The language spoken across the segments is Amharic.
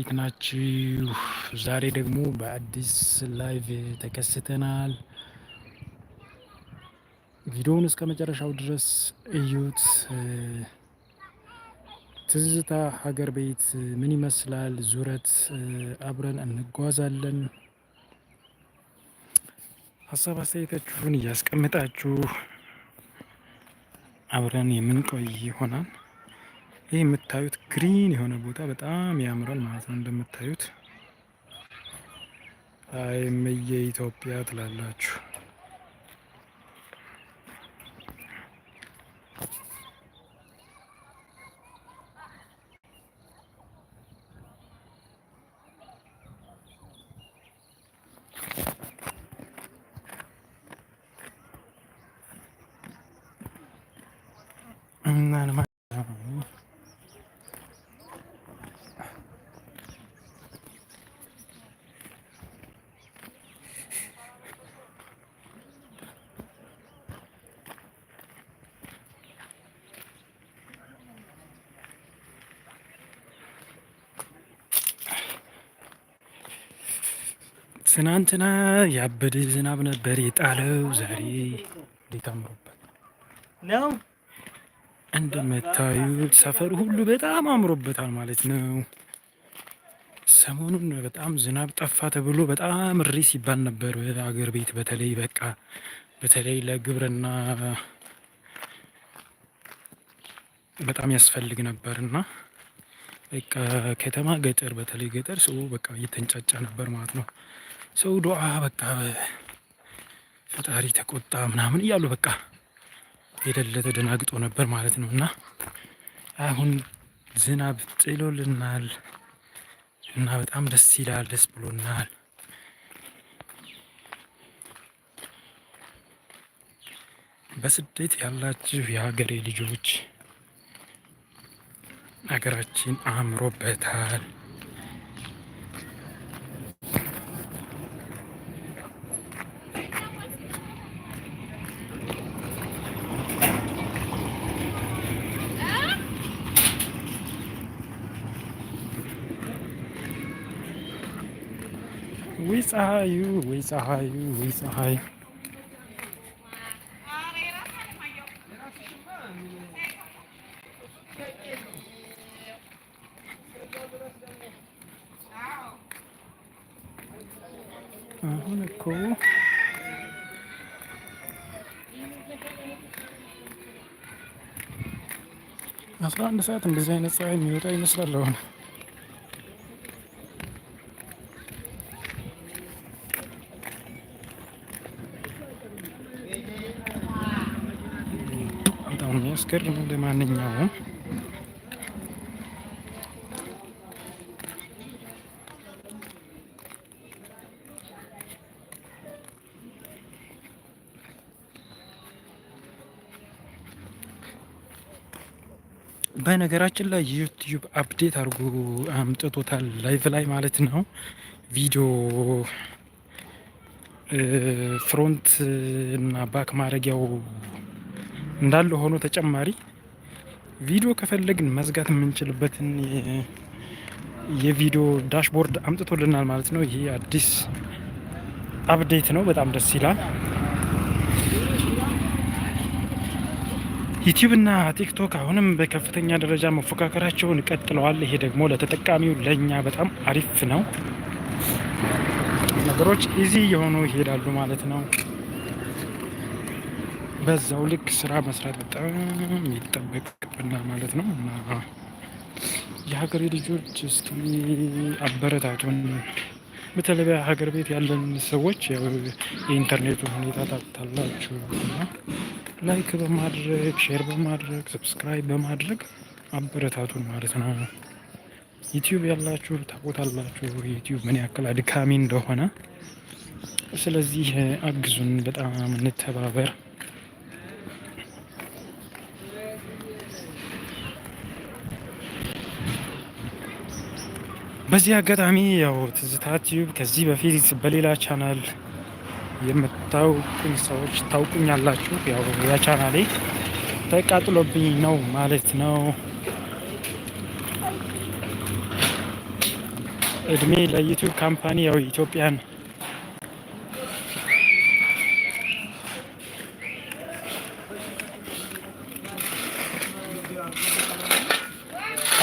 እንዴት ናችሁ? ዛሬ ደግሞ በአዲስ ላይቭ ተከስተናል። ቪዲዮውን እስከ መጨረሻው ድረስ እዩት። ትዝታ ሀገር ቤት ምን ይመስላል? ዙረት አብረን እንጓዛለን። ሀሳብ አስተያየታችሁን እያስቀምጣችሁ አብረን የምንቆይ ይሆናል። ይህ የምታዩት ግሪን የሆነ ቦታ በጣም ያምራል ማለት ነው። እንደምታዩት አይ የኢትዮጵያ ትላላችሁ። ትናንትና ያበደ ዝናብ ነበር የጣለው። ዛሬ እንዴት አምሮበት ነው! እንደምታዩት ሰፈሩ ሁሉ በጣም አምሮበታል ማለት ነው። ሰሞኑን በጣም ዝናብ ጠፋ ተብሎ በጣም እሪ ሲባል ነበር አገር ቤት በተለይ በቃ በተለይ ለግብርና በጣም ያስፈልግ ነበር እና በቃ ከተማ ገጠር፣ በተለይ ገጠር ሰው በቃ እየተንጫጫ ነበር ማለት ነው። ሰው ዱዓ በቃ ፈጣሪ ተቆጣ ምናምን እያሉ በቃ የደለ ተደናግጦ ነበር ማለት ነው። እና አሁን ዝናብ ጥሎልናል እና በጣም ደስ ይላል፣ ደስ ብሎናል። በስደት ያላችሁ የሀገሬ ልጆች ሀገራችን አምሮበታል። ፀሐዩ ወይ ፀሐዩ ወይ ፀሐዩ አሁን እኮ አስራ አንድ ሰዓት እንደዚህ አይነት ፀሐይ የሚወጣ ይመስላል አሁን ነው። ለማንኛውም በነገራችን ላይ ዩቲዩብ አፕዴት አድርጎ አምጥቶታል። ላይቭ ላይ ማለት ነው። ቪዲዮ ፍሮንት እና ባክ ማድረጊያው እንዳለ ሆኖ ተጨማሪ ቪዲዮ ከፈለግን መዝጋት የምንችልበትን የቪዲዮ ዳሽቦርድ አምጥቶልናል ማለት ነው። ይሄ አዲስ አፕዴት ነው። በጣም ደስ ይላል። ዩቲዩብ እና ቲክቶክ አሁንም በከፍተኛ ደረጃ መፎካከራቸውን ቀጥለዋል። ይሄ ደግሞ ለተጠቃሚው ለእኛ በጣም አሪፍ ነው። ነገሮች ኢዚ የሆኑ ይሄዳሉ ማለት ነው። በዛው ልክ ስራ መስራት በጣም ይጠበቅብና ማለት ነው። እና የሀገሬ ልጆች እስኪ አበረታቱን። በተለይ ሀገር ቤት ያለን ሰዎች የኢንተርኔቱ ሁኔታ ታታላችሁ እና ላይክ በማድረግ ሼር በማድረግ ሰብስክራይብ በማድረግ አበረታቱን ማለት ነው። ዩትዩብ ያላችሁ ታውቁታላችሁ ዩትዩብ ምን ያክል አድካሚ እንደሆነ። ስለዚህ አግዙን፣ በጣም እንተባበር። በዚህ አጋጣሚ ያው ትዝታ ቲዩብ ከዚህ በፊት በሌላ ቻናል የምታውቁኝ ሰዎች ታውቁኛላችሁ። ያው ያ ቻናሌ ተቃጥሎብኝ ነው ማለት ነው። እድሜ ለዩቱብ ካምፓኒ ያው ኢትዮጵያን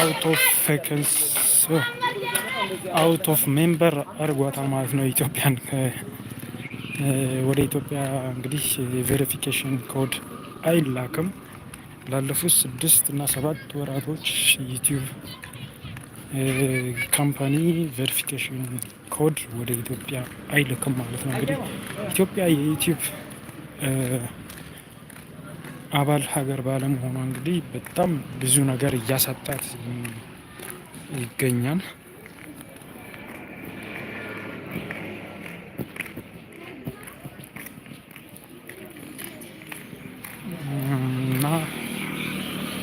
አውቶ ፌክንስ አውት ኦፍ ሜምበር አድርጓታል ማለት ነው። ኢትዮጵያን ወደ ኢትዮጵያ እንግዲህ ቬሪፊኬሽን ኮድ አይላክም። ላለፉት ስድስት እና ሰባት ወራቶች ዩቲዩብ ካምፓኒ ቬሪፊኬሽን ኮድ ወደ ኢትዮጵያ አይልክም ማለት ነው። እንግዲህ ኢትዮጵያ የዩቲዩብ አባል ሀገር ባለመሆኗ እንግዲህ በጣም ብዙ ነገር እያሳጣት ይገኛል።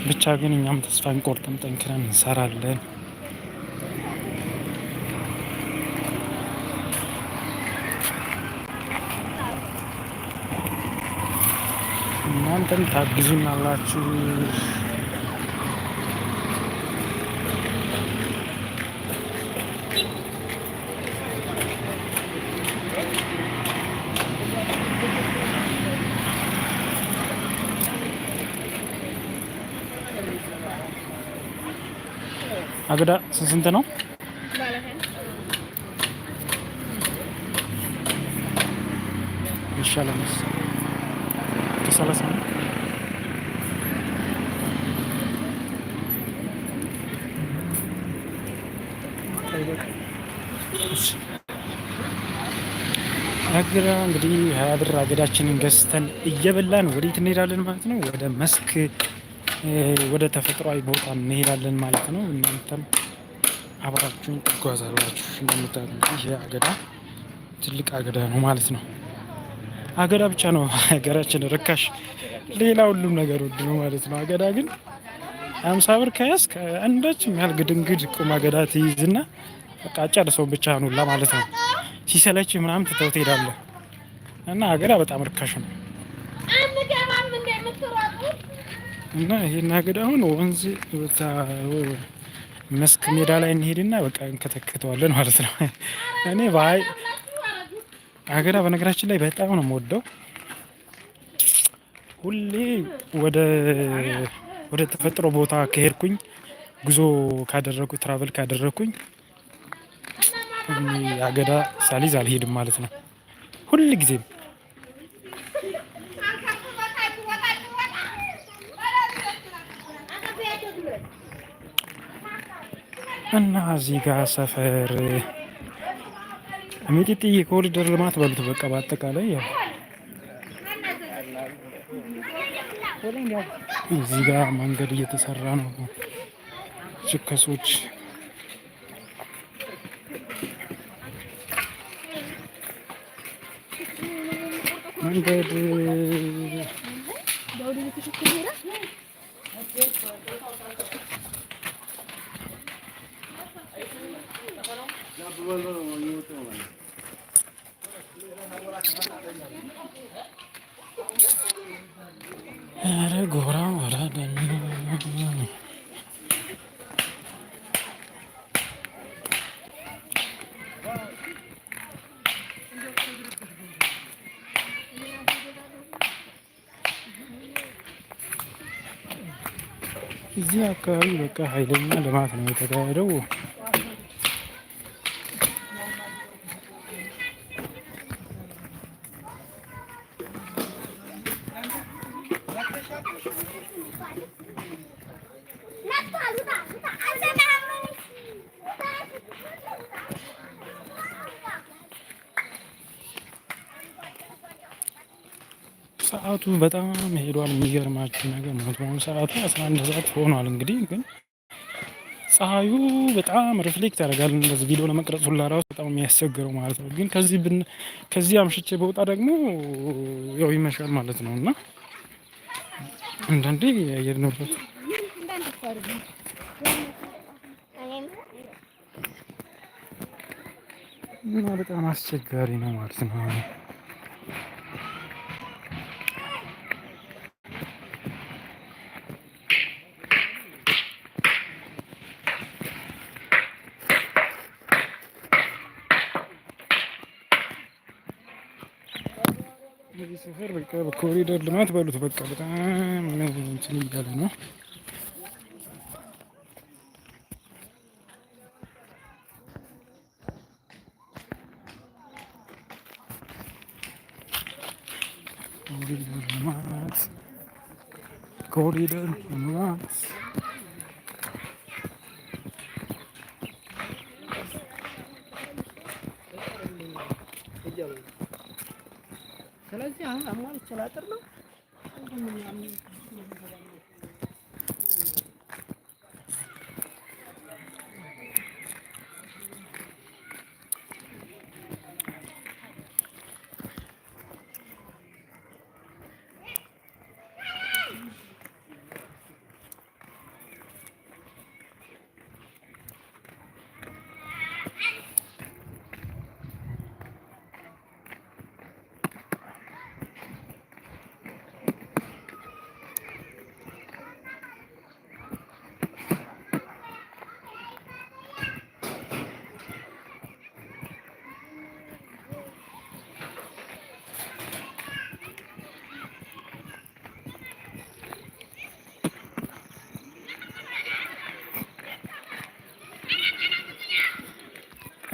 ብቻ ግን እኛም ተስፋ እንቆርጥም፣ ጠንክረን እንሰራለን። እናንተም ታግዙናላችሁ። አገዳ ስንት ነው? ይሻላል ሰላሳ ነው። አገዳ እንግዲህ ሀያ ብር አገዳችንን ገዝተን እየበላን ወዴት እንሄዳለን ማለት ነው? ወደ መስክ ወደ ተፈጥሯዊ ቦታ እንሄዳለን ማለት ነው። እናንተም አብራችሁን ትጓዛላችሁ። እንደምታዩት ይህ አገዳ ትልቅ አገዳ ነው ማለት ነው። አገዳ ብቻ ነው ሀገራችን ርካሽ፣ ሌላ ሁሉም ነገር ውድ ነው ማለት ነው። አገዳ ግን አምሳ ብር ከያዝክ አንዳችም ያህል ግድንግድ ቁም አገዳ ትይዝና በቃ ጨርሰው ብቻ ኑላ ማለት ነው። ሲሰለች ምናምን ትተው ትሄዳለህ እና አገዳ በጣም ርካሽ ነው። እና ይሄን አገዳ አሁን ወንዝ መስክ ሜዳ ላይ እንሄድና በቃ እንከተከተዋለን ማለት ነው። እኔ ባይ አገዳ በነገራችን ላይ በጣም ነው የምወደው። ሁሌ ወደ ወደ ተፈጥሮ ቦታ ከሄድኩኝ ጉዞ ካደረኩ ትራቨል ካደረኩኝ አገዳ ሳሊዝ አልሄድም ማለት ነው ሁል ጊዜም እና እዚህ ጋር ሰፈር ሚጢጢ የኮሪደር ልማት በሉት በቃ በአጠቃላይ ያው እዚህ ጋር መንገድ እየተሰራ ነው። ችከሶች መንገድ ኧረ ጎራ አራዳ እዚህ አካባቢ በቃ ኃይለኛ ልማት ነው የተካሄደው። ሰዓቱ በጣም ሄዷል። የሚገርማችሁ ነገር ማለት በአሁኑ ሰዓቱ አስራ አንድ ሰዓት ሆኗል። እንግዲህ ግን ፀሐዩ በጣም ሪፍሌክት ያደርጋል። እንደዚህ ቪዲዮ ለመቅረጽ ሁላ ራሱ በጣም የሚያስቸግረው ማለት ነው። ግን ከዚህ ከዚህ አምሽቼ በወጣ ደግሞ ያው ይመሻል ማለት ነው እና አንዳንዴ የአየር ንብረቱ እና በጣም አስቸጋሪ ነው ማለት ነው። ነገር በቃ በኮሪደር ልማት ባሉት በቃ በጣም እንትን እያለ ነው። ኮሪደር ልማት ኮሪደር ልማት ላጥር ነው።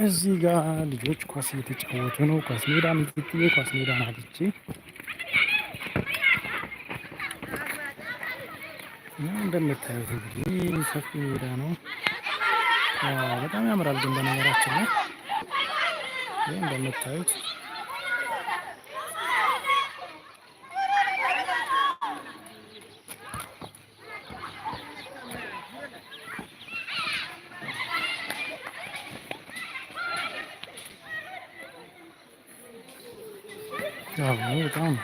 እዚህ ጋር ልጆች ኳስ እየተጫወቱ ነው። ኳስ ሜዳ ምትዬ ኳስ ሜዳ ናትቼ እንደምታዩት እንግዲህ ሰፊ ሜዳ ነው። በጣም ያምራል ግን በነገራችን ላይ እንደምታዩት tamam mı?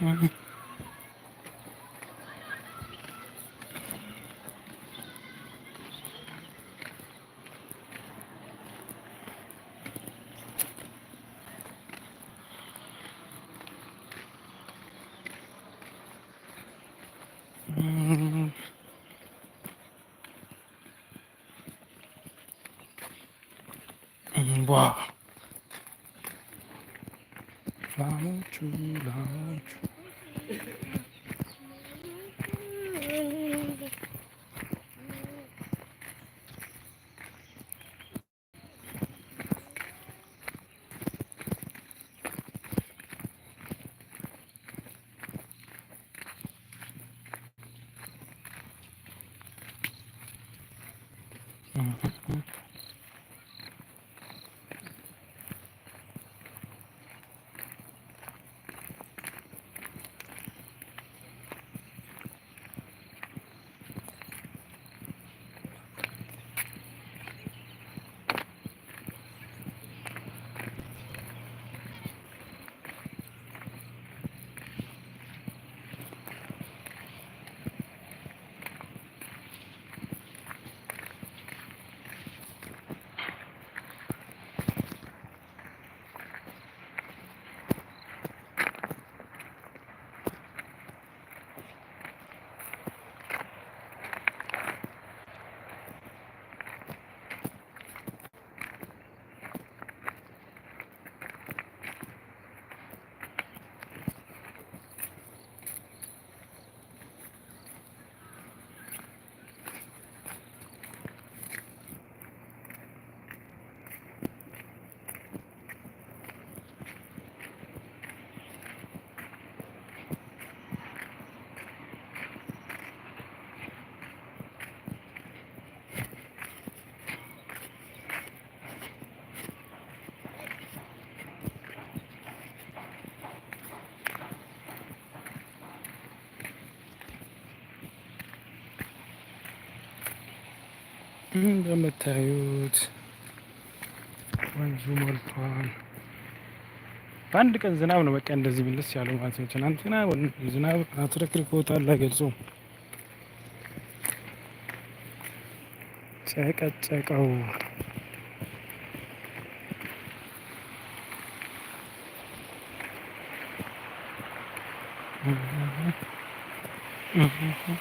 Mm-hmm. 嗯，嗯，哇，蜡烛，蜡烛。嗯。እንደምታዩት ወንዙ ሞልቷል። በአንድ ቀን ዝናብ ነው በቃ እንደዚህ ብልስ ያለው ማለት ነው። ትናንትና ዝናብ አትረክርኮታል፣ አይገልጹም። ጨቀጨቀው Mm-hmm.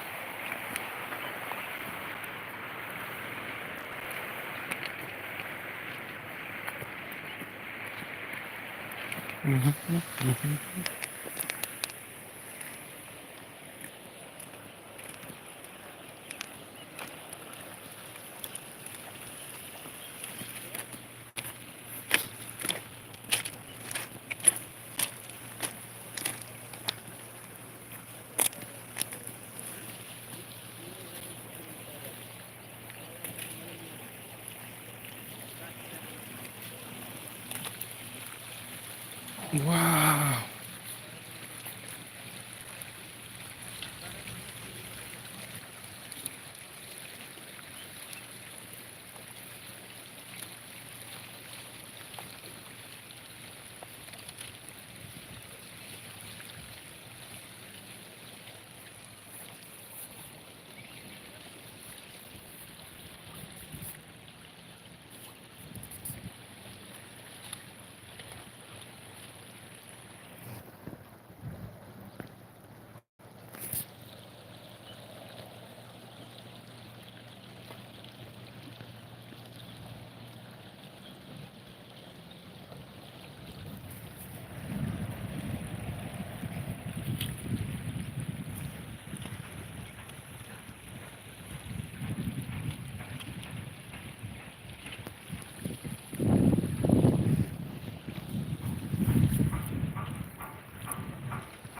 Mm-hmm. Wow.